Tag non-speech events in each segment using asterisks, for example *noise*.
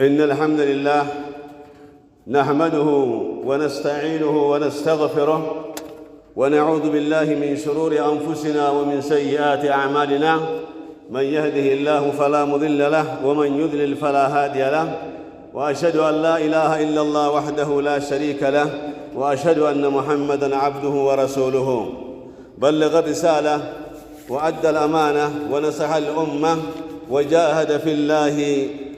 إن الحمد لله نحمده ونستعينه ونستغفره ونعوذ بالله من شرور أنفسنا ومن سيئات أعمالنا من يهده الله فلا مضل له ومن يذلل فلا هادي له وأشهد أن لا إله إلا الله وحده لا شريك له وأشهد أن محمدًا عبده ورسوله بلغ الرسالة وأدى الأمانة ونصح الأمة وجاهد في الله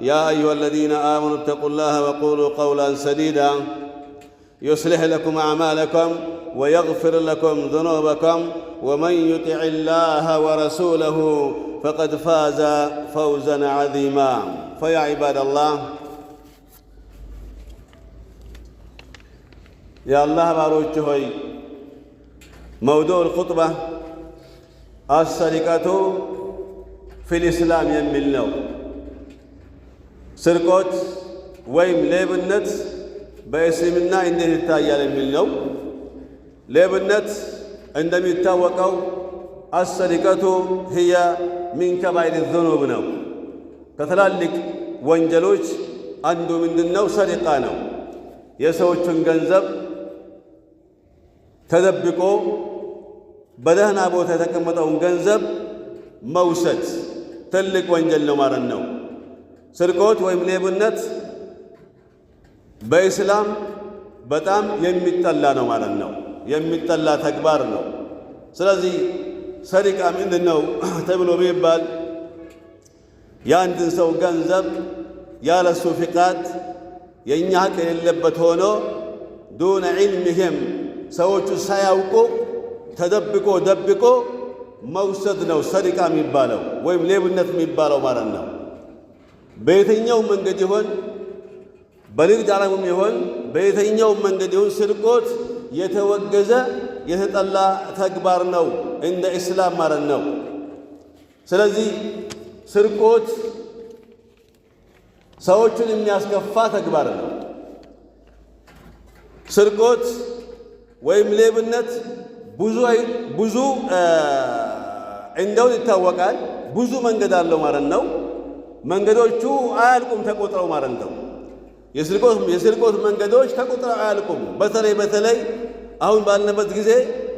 يا ايها الذين امنوا اتقوا الله وقولوا قولا سديدا يصلح لكم اعمالكم ويغفر لكم ذنوبكم ومن يطع الله ورسوله فقد فاز فوزا عظيما فيا عباد الله يا الله باروت هوي موضوع الخطبه السرقه في الاسلام يمل ስርቆት ወይም ሌብነት በእስልምና እንዴት ይታያል የሚል ነው። ሌብነት እንደሚታወቀው አሰሪቀቱ ህየ ሚን ከባይድ ዝኑብ ነው። ከትላልቅ ወንጀሎች አንዱ ምንድነው ነው? ሰሪቃ ነው። የሰዎችን ገንዘብ ተደብቆ በደህና ቦታ የተቀመጠውን ገንዘብ መውሰድ ትልቅ ወንጀል ነው ማለት ነው። ስርቆት ወይም ሌብነት በኢስላም በጣም የሚጠላ ነው ማለት ነው። የሚጠላ ተግባር ነው። ስለዚህ ሰሪቃ ምንድን ነው ተብሎ ቢባል የአንድን ሰው ገንዘብ ያለሱ ፍቃድ የእኛ ሀቅ የሌለበት ሆኖ ዱነ ዒልምህም ሰዎቹ ሳያውቁ ተደብቆ ደብቆ መውሰድ ነው ሰሪቃ የሚባለው ወይም ሌብነት የሚባለው ማለት ነው። በየትኛው መንገድ ይሆን በንግድ ዓለሙም ይሆን በየትኛው መንገድ ይሆን ስርቆት የተወገዘ የተጠላ ተግባር ነው እንደ እስላም ማለት ነው። ስለዚህ ስርቆት ሰዎቹን የሚያስከፋ ተግባር ነው። ስርቆት ወይም ሌብነት ብዙ እንደውን ይታወቃል። ብዙ መንገድ አለው ማለት ነው። መንገዶቹ አያልቁም ተቆጥረው ማለት ነው። የስርቆት መንገዶች ተቆጥረው አያልቁም። በተለይ በተለይ አሁን ባለንበት ጊዜ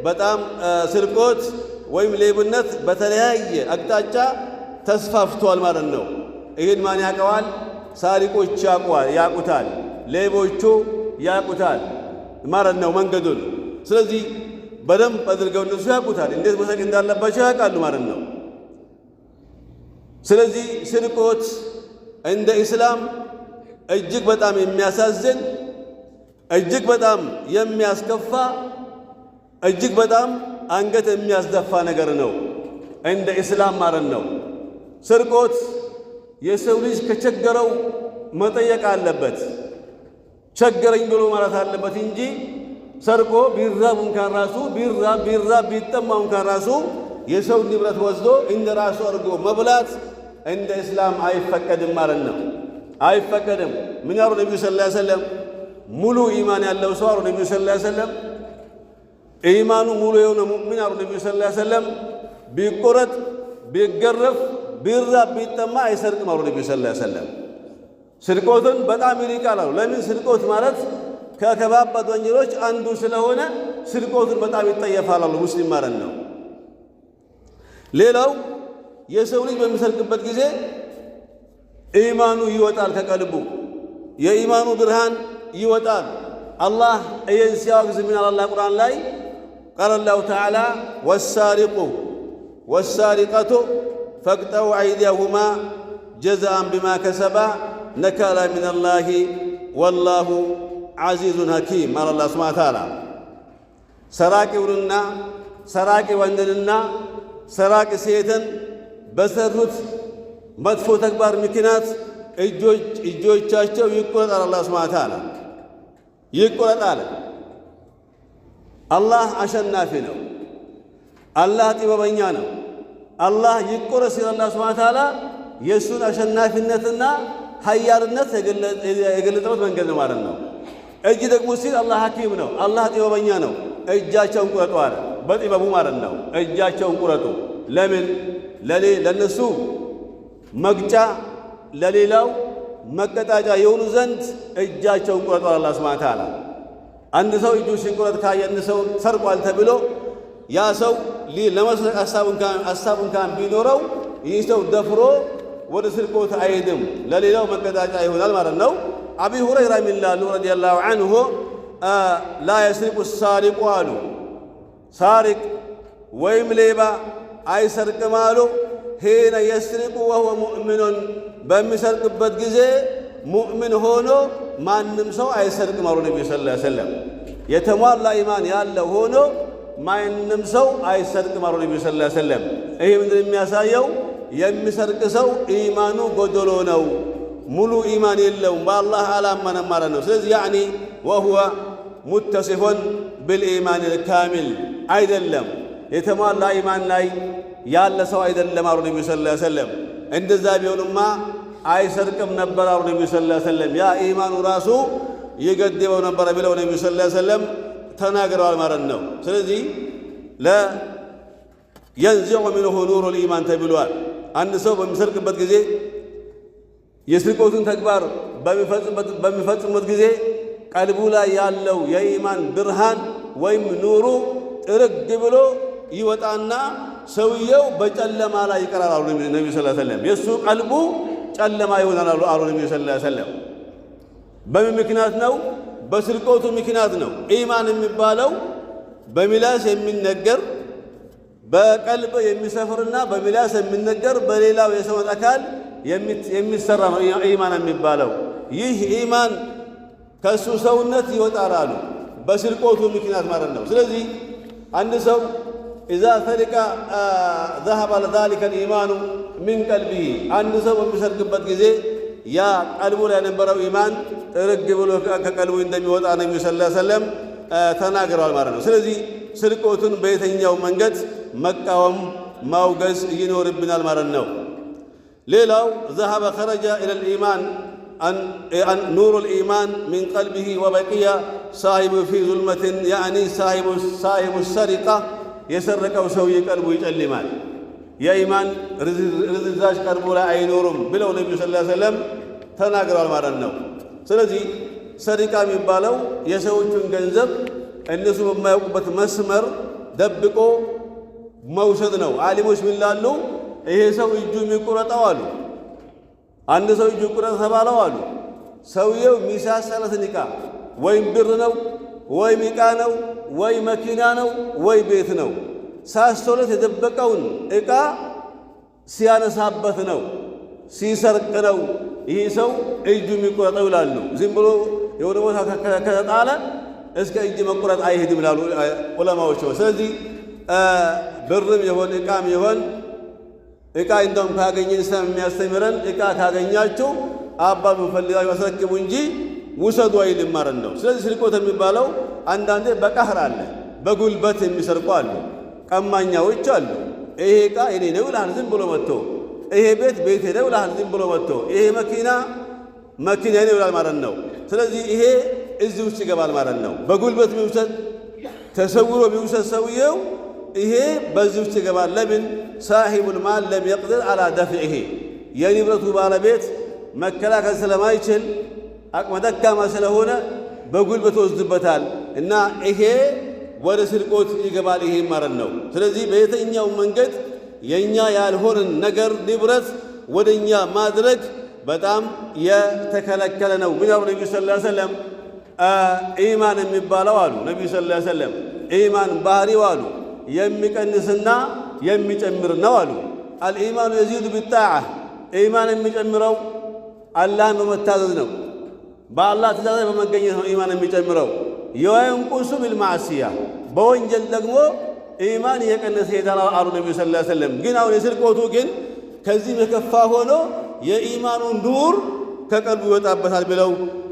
በጣም ስርቆት ወይም ሌብነት በተለያየ አቅጣጫ ተስፋፍቷል ማለት ነው። ይህን ማን ያውቀዋል? ሳሪቆች ያውቁታል፣ ሌቦቹ ያውቁታል ማለት ነው መንገዱን። ስለዚህ በደንብ አድርገው እነሱ ያውቁታል፣ እንዴት መሳቅ እንዳለባቸው ያውቃሉ ማለት ነው። ስለዚህ ስርቆት እንደ ኢስላም እጅግ በጣም የሚያሳዝን እጅግ በጣም የሚያስከፋ እጅግ በጣም አንገት የሚያስደፋ ነገር ነው። እንደ ኢስላም ማረን ነው። ስርቆት የሰው ልጅ ከቸገረው መጠየቅ አለበት፣ ቸገረኝ ብሎ ማለት አለበት እንጂ ሰርቆ ቢራብ እንኳን ራሱ ቢራብ ቢራብ ቢጠማ እንኳን ራሱ የሰው ንብረት ወስዶ እንደ ራሱ አድርጎ መብላት እንደ እስላም አይፈቀድም ማለት ነው። አይፈቀድም። ምን ያሉ ነቢዩ ሰለላሁ ዐለይሂ ወሰለም ሙሉ ኢማን ያለው ሰው አሉ ነቢዩ ሰለላሁ ዐለይሂ ወሰለም ኢማኑ ሙሉ የሆነ ሙእሚን አሉ ነቢዩ ሰለላሁ ዐለይሂ ወሰለም ቢቆረጥ፣ ቢገረፍ፣ ቢራብ፣ ቢጠማ አይሰርቅም አሉ ነቢዩ ሰለላሁ ዐለይሂ ወሰለም። ስርቆትን በጣም ይርቃል አሉ። ለምን ስርቆት ማለት ከከባባድ ወንጀሎች አንዱ ስለሆነ ስርቆትን በጣም ይጠየፋል አሉ ሙስሊም ማለት ነው። ሌላው የሰው ልጅ በሚሰርቅበት ጊዜ ኢማኑ ይወጣል ከቀልቡ የኢማኑ ብርሃን ይወጣል። አላህ እየን ሲያወግዝ ምናል አላህ ቁርአን ላይ ቃለ ላሁ ተዓላ ወሳሪቁ ወሳሪቀቱ ፈቅጠው አይዲያሁማ ጀዛአን ብማ ከሰባ ነካላ ሚነላሂ ወላሁ ዓዚዙን ሐኪም አለ አላህ ሱብሓነሁ ሰራቂውንና ሰራቂ ወንድንና ሰራቂ ሴትን በሰሩት መጥፎ ተግባር ምክንያት እጆቻቸው ይቆረጣል። አላህ ሱብሓነሁ ወተዓላ ይቆረጣል። አላህ አሸናፊ ነው። አላህ ጥበበኛ ነው። አላህ ይቆረጥ ሲል አላህ ሱብሓነሁ ወተዓላ የእሱን አሸናፊነትና ኃያልነት የገለጠበት መንገድ ነው ማለት ነው። እጅ ደግሞ ሲል አላህ ሐኪም ነው። አላህ ጥበበኛ ነው። እጃቸውን ቆረጡ አለ። በጥበቡ ማለት ነው። እጃቸውን ቁረጡ። ለምን? ለሌ ለነሱ መግጫ ለሌላው መቀጣጫ የሆኑ ዘንድ እጃቸውን ቁረጡ። አላህ ስብሐነ ተዓላ አንድ ሰው እጁ ሲንቁረጥ ካየ አንድ ሰው ሰርቋል ተብሎ ያ ሰው ለመስረቅ ሀሳብ እንኳን ቢኖረው ይህ ሰው ደፍሮ ወደ ስርቆት አይሄድም፣ ለሌላው መቀጣጫ ይሆናል ማለት ነው። አቢ ሁረይራ ሚላሉ ረዲየላሁ አንሁ ላ የስሪቁ ሳሪቁ አሉ ሳሪቅ ወይም ሌባ አይሰርቅም አሉ። ሂነ የስሪቁ ወሁወ ሙእሚኑን በሚሰርቅበት ጊዜ ሙእሚን ሆኖ ማንም ሰው አይሰርቅም አሉ ነቢዩ ሰለላሁ ዐለይሂ ወሰለም። የተሟላ ኢማን ያለው ሆኖ ማንም ሰው አይሰርቅም አሉ ነቢዩ ሰለላሁ ዐለይሂ ወሰለም። ይህ ምንድን የሚያሳየው የሚሰርቅ ሰው ኢማኑ ጎደሎ ነው፣ ሙሉ ኢማን የለውም፣ በአላህ አላመነም ማለት ነው። ስለዚህ ያዕኒ ወሁወ ሙተሲፎን ብልኢማን ልካሚል አይደለም። የተሟላ ኢማን ላይ ያለ ሰው አይደለም አሉ ነቢዩ ሰለላሁ ዐለይሂ ወሰለም። እንደዛ ቢሆንማ አይሰርቅም ነበር አሉ ነቢዩ ሰለላሁ ዐለይሂ ወሰለም። ያ ኢማኑ ራሱ ይገድበው ነበረ ብለው ነቢዩ ሰለላሁ ዐለይሂ ወሰለም ተናግረዋል ማለት ነው። ስለዚህ ለየንዚዑ ሚንሁ ኑሩ ልኢማን ተብሏል። አንድ ሰው በሚሰርቅበት ጊዜ የስርቆቱን ተግባር በሚፈጽሙበት ጊዜ ቀልቡ ላይ ያለው የኢማን ብርሃን ወይም ኑሩ ጥርግ ብሎ ይወጣና ሰውየው በጨለማ ላይ ይቀራል አሉ ነቢ ስ ሰለም። የእሱ ቀልቡ ጨለማ ይሆናል አሉ አሉ ነቢ ስ ሰለም። በምን ምክንያት ነው? በስርቆቱ ምክንያት ነው። ኢማን የሚባለው በሚላስ የሚነገር በቀልብ የሚሰፍርና በሚላስ የሚነገር በሌላው የሰውነት አካል የሚሰራ ነው ኢማን የሚባለው። ይህ ኢማን ከእሱ ሰውነት ይወጣል አሉ በስርቆቱ ምክንያት ማለት ነው። ስለዚህ አንድ ሰው ኢዛ ሰሪቀ ዘሀበ ዛሊከ ልኢማኑ ሚን ቀልቢሂ አንድ ሰው በሚሰርቅበት ጊዜ ያ ቀልቡ ላይ የነበረው ኢማን ጥርግ ብሎ ከቀልቡ እንደሚወጣ ነቢዩ ስለ ሰለም ተናግረዋል ማለት ነው። ስለዚህ ስርቆቱን በየትኛው መንገድ መቃወም ማውገዝ ይኖርብናል ማለት ነው። ሌላው ዘሀበ ኸረጃ ኢለል ኢማን نور الإيمان من قلبه وبقي صاحب في ظلمة يعني صاحب صاحب السرقة የሰረቀው ሰውዬ ቀልቡ ይጨልማል። የኢማን ርዝዛዥ ቀልቡ ላይ አይኖርም ብለው ነቢዩ ሰለላሁ ዐለይሂ ወሰለም ተናግረዋል ማለት ነው። ስለዚህ ሰሪቃ የሚባለው የሰዎቹን ገንዘብ እነሱ በማያውቁበት መስመር ደብቆ መውሰድ ነው። አሊሞች ምን ላሉ ይሄ ሰው እጁ የሚቆረጠው አሉ አንድ ሰው እጁ ቁረጥ ተባለው አሉ። ሰውየው ሚሳሰለት ዕቃ ወይም ብር ነው ወይም ዕቃ ነው ወይ መኪና ነው ወይ ቤት ነው። ሳስቶለት የደበቀውን ዕቃ ሲያነሳበት ነው ሲሰርቅ ነው ይህ ሰው እጁ የሚቆረጠው ይላሉ። ዝም ብሎ የሆነ ቦታ ከተጣለ እስከ እጅ መቁረጥ አይሄድም ይላሉ ዑለማዎች። ስለዚህ ብርም ይሆን ዕቃም ይሆን እቃ እንደም ካገኘ ኢስላም የሚያስተምረን እቃ ካገኛችሁ አባ በፈልጋዊ አስረክቡ እንጂ ውሰዱ አይልም ማለት ነው። ስለዚህ ስርቆት የሚባለው አንዳንዴ በቃህር አለ፣ በጉልበት የሚሰርቁ አሉ፣ ቀማኛዎች አሉ። ይሄ እቃ እኔ ነው ይልሃል ዝም ብሎ መጥቶ፣ ይሄ ቤት ቤቴ ነው ይልሃል ዝም ብሎ መጥቶ፣ ይሄ መኪና መኪና ነው ይላል ማለት ነው። ስለዚህ ይሄ እዚህ ውስጥ ይገባል ማለት ነው። በጉልበት ቢውሰድ ተሰውሮ ቢውሰድ ሰውየው ይሄ በዚህ ውስጥ ይገባል። ለምን ሳሂቡል ማል ለም የቅድር አላ ደፍዒሂ የንብረቱ ባለቤት መከላከል ስለማይችል አቅመ ደካማ ስለሆነ በጉልበት ወስድበታል እና ይሄ ወደ ስርቆት ይገባል። ይሄ ማለት ነው። ስለዚህ በየትኛው መንገድ የእኛ ያልሆንን ነገር ንብረት ወደ እኛ ማድረግ በጣም የተከለከለ ነው። ምንያው ነቢዩ ሰለላሁ ዐለይሂ ወሰለም ኢማን የሚባለው አሉ ነቢዩ ሰለላሁ ዐለይሂ ወሰለም ኢማን ባህሪው አሉ የሚቀንስና የሚጨምር ነው አሉ። አልኢማኑ የዚዱ ቢጣዓ ኢማን የሚጨምረው አላህን በመታዘዝ ነው። በአላህ ትእዛዝ በመገኘት ነው ኢማን የሚጨምረው። የወንቁሱ ቢልማዕስያ በወንጀል ደግሞ ኢማን እየቀነሰ ሄዳል አሉ ነቢዩ ሰለላሁ ዐለይሂ ወሰለም። ግን አሁን የስርቆቱ ግን ከዚህ በከፋ ሆኖ የኢማኑን ዱር ከቀልቡ ይወጣበታል ብለው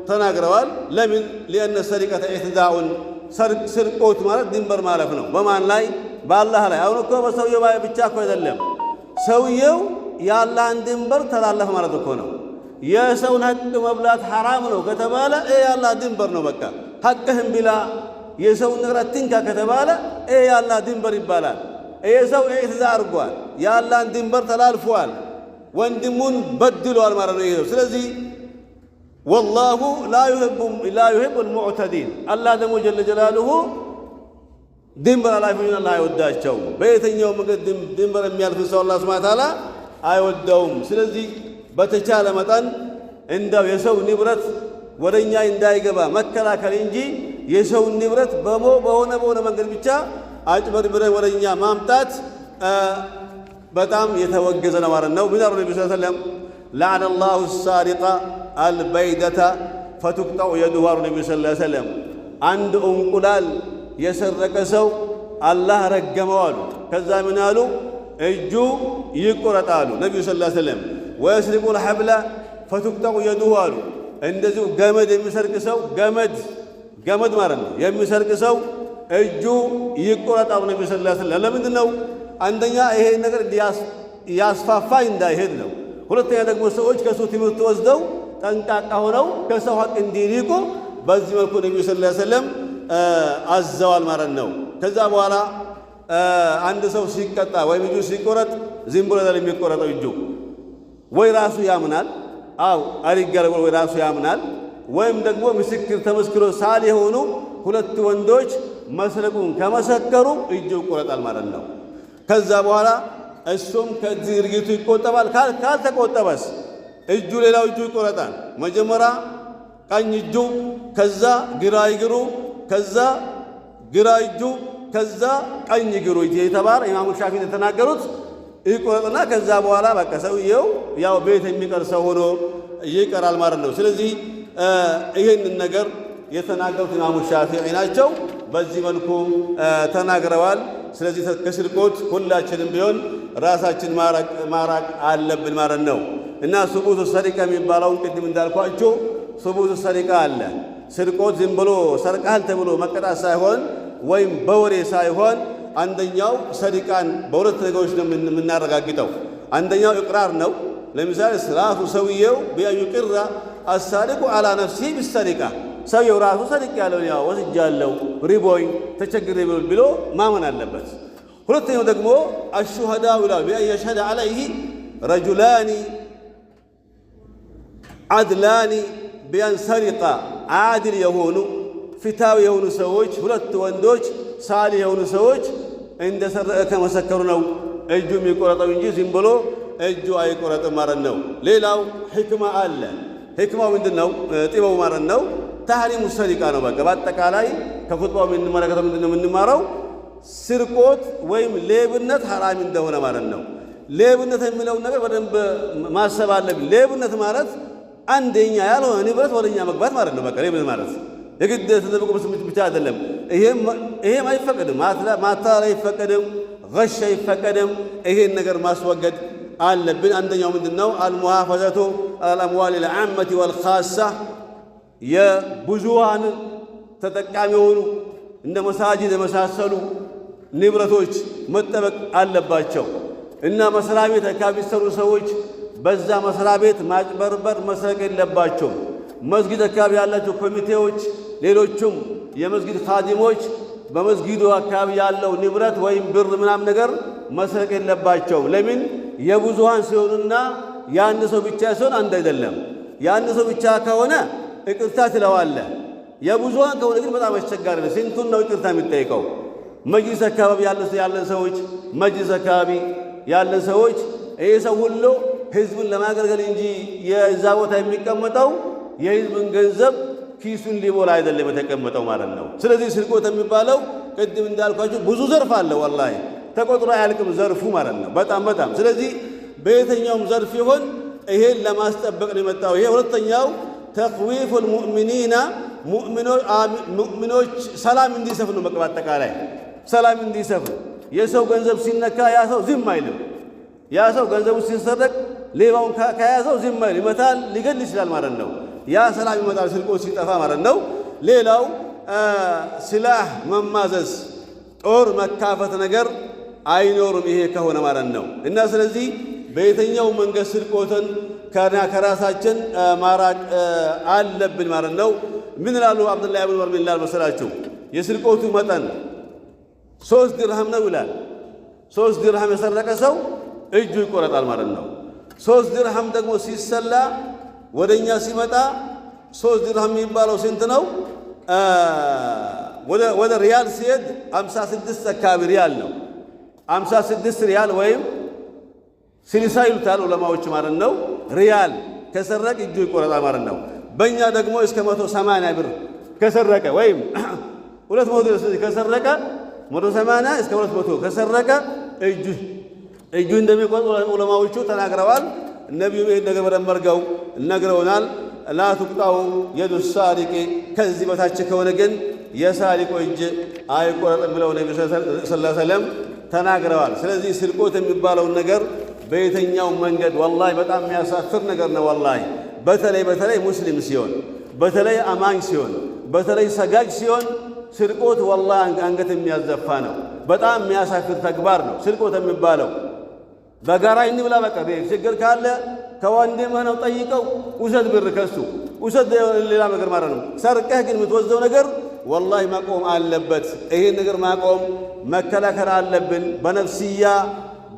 ተናግረዋል። ለምን? ሊአነ ሰሪቀተ ኢሕዳኡን ስርቆት ማለት ድንበር ማለፍ ነው። በማን ላይ በአላህ ላይ አሁን እኮ በሰውየው ብቻ እኮ አይደለም፣ ሰውየው የአላህን ድንበር ተላለፈ ማለት እኮ ነው። የሰውን ሀቅ መብላት ሐራም ነው ከተባለ የአላህ ድንበር ነው። በቃ ሐቅህን ብላ፣ የሰውን ንብረት ትንካ ከተባለ የአላህ ድንበር ይባላል። ሰው ኢዕትዛ አድርጓል፣ የአላህን ድንበር ተላልፏል፣ ወንድሙን በድሏል ማለት ነው ይሄው። ስለዚህ ወላሁ ላ ዩሂቡል ሙዕተዲን አላህ ደግሞ ጀለ ጀላሉሁ ድንበር አላፊውን አላህ አይወዳቸውም። በየትኛው መንገድ ድንበር የሚያልፍ ሰው አላህ ሱብሓነሁ ወተዓላ አይወደውም። ስለዚህ በተቻለ መጠን እንደው የሰው ንብረት ወደኛ እንዳይገባ መከላከል እንጂ የሰው ንብረት በሞ በሆነ በሆነ መንገድ ብቻ አጭበርብረን ወደ እኛ ማምጣት በጣም የተወገዘ ነው ማለት ነው። ምን አሉ ነቢ ስ ሰለም ለዓነ ላሁ ሳሪቀ አልበይደተ ፈቱቅጠዑ የዱሁ አሉ ነቢ ስ ሰለም አንድ እንቁላል የሰረቀ ሰው አላህ ረገመው አሉ። ከዛ ምን አሉ? እጁ ይቆረጣሉ። ነቢዩ ስ ሰለም ወየስሪቁ ልሐብላ ፈቱቅጠቁ የዱሁ አሉ። እንደዚሁ ገመድ የሚሰርቅ ሰው ገመድ ገመድ ማለት ነው የሚሰርቅ ሰው እጁ ይቆረጣሉ። ነቢዩ ስ ሰለም ለምንድን ነው? አንደኛ ይሄ ነገር ያስፋፋ እንዳይሄድ ነው። ሁለተኛ ደግሞ ሰዎች ከእሱ ትምህርት ወስደው ጠንቃቃ ሆነው ከሰው ሀቅ እንዲሪቁ በዚህ መልኩ ነቢዩ ስ ሰለም አዘዋል ማለት ነው። ከዛ በኋላ አንድ ሰው ሲቀጣ ወይም እጁ ሲቆረጥ ዝም ብሎ የሚቆረጠው እጁ ወይ ራሱ ያምናል፣ አው አሪጋለ ወይ ራሱ ያምናል፣ ወይም ደግሞ ምስክር ተመስክሮ ሳል የሆኑ ሁለት ወንዶች መስረቁን ከመሰከሩ እጁ ይቆረጣል ማለት ነው። ከዛ በኋላ እሱም ከዚህ ድርጊቱ ይቆጠባል። ካልተቆጠበስ እጁ ሌላው እጁ ይቆረጣል። መጀመሪያ ቀኝ እጁ፣ ከዛ ግራ እግሩ ከዛ ግራ እጁ ከዛ ቀኝ እግሩ የተባለ ኢማሙ ሻፊ የተናገሩት ይቆረጥና ከዛ በኋላ በቃ ሰውየው ያው ቤት የሚቀር ሰው ሆኖ ይቀራል ማለት ነው። ስለዚህ ይህንን ነገር የተናገሩት ኢማሙ ሻፊዒ ናቸው። በዚህ መልኩ ተናግረዋል። ስለዚህ ከስርቆት ሁላችንም ቢሆን ራሳችን ማራቅ አለብን ማለት ነው እና ሱቡቱ ሰሪቃ የሚባለውን ቅድም እንዳልኳቸው ሱቡቱ ሰሪቃ አለ ስርቆት ዝም ብሎ ሰርቃል ተብሎ መቀጣት ሳይሆን ወይም በወሬ ሳይሆን አንደኛው ሰዲቃን በሁለት ነገሮች ነው የምናረጋግጠው። አንደኛው እቅራር ነው። ለምሳሌ ራሱ ሰውየው ቢአዩ ቅራ አሳድቁ አላ ነፍሲ ቢሰዲቃ ሰውየው ራሱ ሰድቅ ያለውን ያ ወስጃለሁ፣ ሪቦኝ፣ ተቸግር ብሎ ማመን አለበት። ሁለተኛው ደግሞ አሹሃዳው ላ ቢአን የሽሀደ አለይህ ረጁላኒ አድላኒ ቢአን ሰሪቃ አድል የሆኑ ፊታዊ የሆኑ ሰዎች ሁለት ወንዶች ሳሊ የሆኑ ሰዎች እንደሰረቀ ከመሰከሩ ነው እጁ የሚቆረጠው እንጂ ዝም ብሎ እጁ አይቆረጥም ማለት ነው። ሌላው ሕክማ አለ። ሕክማው ምንድን ነው? ጢበው ማለት ነው። ታህሪሙ ሰሪቃ ነው። በቃ በአጠቃላይ ከኹጥባው የምንመለከተው ምንድን ነው የምንማረው? ስርቆት ወይም ሌብነት ሐራም እንደሆነ ማለት ነው። ሌብነት የሚለውን ነገር በደንብ ማሰብ አለብን። ሌብነት ማለት አንደኛ ያልሆነ ንብረት ወደኛ መግባት ማለት ነው። በቃ ምን ማለት የግድ ተጠብቆ ብቻ አይደለም። ይሄም አይፈቀድም፣ ማታለል አይፈቀድም፣ ገሽ አይፈቀድም። ይሄን ነገር ማስወገድ አለብን። አንደኛው ምንድን ነው? አልሙሃፈዘቱ አልአምዋል ልዓመቲ ወልካሳ የብዙሃን ተጠቃሚ የሆኑ እንደ መሳጅድ የመሳሰሉ ንብረቶች መጠበቅ አለባቸው እና መስሪያ ቤት አካባቢ ሰሩ ሰዎች በዛ መስሪያ ቤት ማጭበርበር፣ መሰረቅ የለባቸውም። መስጊድ አካባቢ ያላቸው ኮሚቴዎች፣ ሌሎቹም የመስጊድ ካዲሞች በመስጊዱ አካባቢ ያለው ንብረት ወይም ብር ምናም ነገር መሰረቅ የለባቸውም። ለምን የብዙሃን ሲሆኑና የአንድ ሰው ብቻ ሲሆን አንድ አይደለም። የአንድ ሰው ብቻ ከሆነ ይቅርታ ትለዋለህ። የብዙሃን ከሆነ ግን በጣም አስቸጋሪ ነው። ስንቱን ነው ይቅርታ የሚጠይቀው? መጅሊስ አካባቢ ያለን ሰዎች መጅሊስ አካባቢ ያለን ሰዎች ይህ ሰው ሁሉ ህዝቡን ለማገልገል እንጂ የዛ ቦታ የሚቀመጠው የህዝብን ገንዘብ ኪሱን ሊቦላ አይደለም የተቀመጠው ማለት ነው። ስለዚህ ስርቆት የሚባለው ቅድም እንዳልኳቸው ብዙ ዘርፍ አለ፣ ወላሂ ተቆጥሮ አያልቅም ዘርፉ ማለት ነው። በጣም በጣም ስለዚህ በየትኛውም ዘርፍ ይሆን ይሄን ለማስጠበቅ ነው የመጣው። ይሄ ሁለተኛው ተኽዊፍ ልሙእሚኒና ሙእሚኖች ሰላም እንዲሰፍኑ ነው። በቃ አጠቃላይ ሰላም እንዲሰፍኑ የሰው ገንዘብ ሲነካ ያ ሰው ዝም አይልም። ያ ሰው ገንዘቡ ሲሰረቅ ሌባውን ከያዘው ዝም ይመታል፣ ሊገል ይችላል ማለት ነው። ያ ሰላም ይመጣል፣ ስርቆት ሲጠፋ ማለት ነው። ሌላው ስላህ መማዘዝ፣ ጦር መካፈት ነገር አይኖርም ይሄ ከሆነ ማለት ነው። እና ስለዚህ በየትኛው መንገድ ስርቆትን ከራሳችን ማራቅ አለብን ማለት ነው። ምን ላሉ አብዱላህ ብን ወርሚ ላል መሰላችሁ የስርቆቱ መጠን ሶስት ድርሃም ነው ይላል። ሶስት ድርሃም የሰረቀ ሰው እጁ ይቆረጣል ማለት ነው። ሶስት ድርሃም ደግሞ ሲሰላ ወደ እኛ ሲመጣ ሶስት ድርሃም የሚባለው ስንት ነው? ወደ ሪያል ሲሄድ 56 አካባቢ ሪያል ነው። 56 ሪያል ወይም ስልሳ ይሉታል ዑለማዎች ማለት ነው። ሪያል ከሰረቅ እጁ ይቆረጣል ማለት ነው። በእኛ ደግሞ እስከ 180 ብር ከሰረቀ ወይም *clears throat* ሁለት መቶ ከሰረቀ 180 እስከ 200 ከሰረቀ እጁ እጁ እንደሚቆጥ ዑለማዎቹ ተናግረዋል። ነቢዩ ይህን ነገር በደንብ አድርገው ነግረውናል። ላቱቅጣው የዱ ሳሪቂ ከዚህ በታች ከሆነ ግን የሳሪቁ እጅ አይቆረጥም ብለው ነቢ ስላ ሰለም ተናግረዋል። ስለዚህ ስርቆት የሚባለውን ነገር በየትኛው መንገድ ወላሂ በጣም የሚያሳፍር ነገር ነው። ወላሂ በተለይ በተለይ ሙስሊም ሲሆን፣ በተለይ አማኝ ሲሆን፣ በተለይ ሰጋጅ ሲሆን ስርቆት ወላሂ አንገት የሚያዘፋ ነው። በጣም የሚያሳፍር ተግባር ነው ስርቆት የሚባለው። በጋራ እንብላ። በቃ ችግር ካለ ከወንድምህ ነው ጠይቀው። ውሰድ ብር ከሱ ውሰድ፣ ሌላ ነገር ማለት ነው። ሰርቀህ ግን የምትወስደው ነገር ወላሂ መቆም አለበት። ይህን ነገር ማቆም መከላከል አለብን። በነፍስያ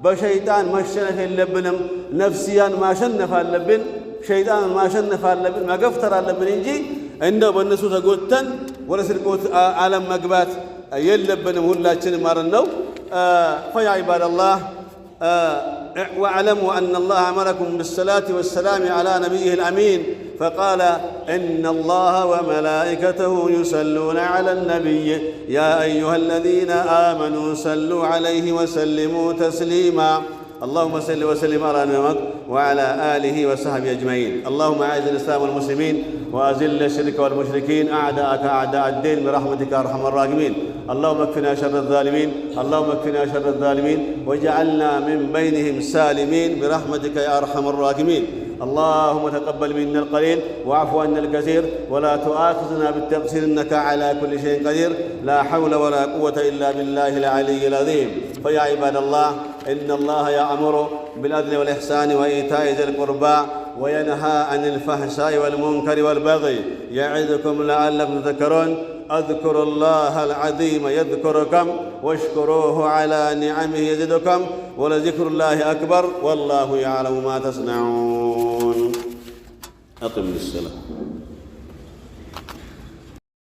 በሸይጣን መሸነፍ የለብንም። ነፍስያን ማሸነፍ አለብን። ሸይጣንን ማሸነፍ አለብን፣ መገፍተር አለብን እንጂ እንደው በእነሱ ተጎተን ወደ ስርቆት ዓለም መግባት የለብንም። ሁላችንም ማለት ነው። ፈያ ዒባደላህ آه، واعلموا أن الله أمركم بالصلاة والسلام على نبيه الأمين فقال إن الله وملائكته يصلون على النبي يا أيها الذين آمنوا صلوا عليه وسلموا تسليما اللهم صل وسلم على نبيك وعلى آله وصحبه أجمعين اللهم أعز الإسلام والمسلمين وأذل الشرك والمشركين أعداءك أعداء الدين برحمتك أرحم الراحمين اللهم اكفنا شر الظالمين اللهم اكفنا شر الظالمين واجعلنا من بينهم سالمين برحمتك يا ارحم الراحمين اللهم تقبل منا القليل واعف عنا الكثير ولا تؤاخذنا بالتقصير انك على كل شيء قدير لا حول ولا قوه الا بالله العلي العظيم فيا عباد الله ان الله يامر بالعدل والاحسان وايتاء ذي القربى وينهى عن الفحشاء والمنكر والبغي يعظكم لعلكم تذكرون اذكروا الله العظيم يذكركم واشكروه على نعمه يزدكم ولذكر الله أكبر والله يعلم ما تصنعون أقم الصلاه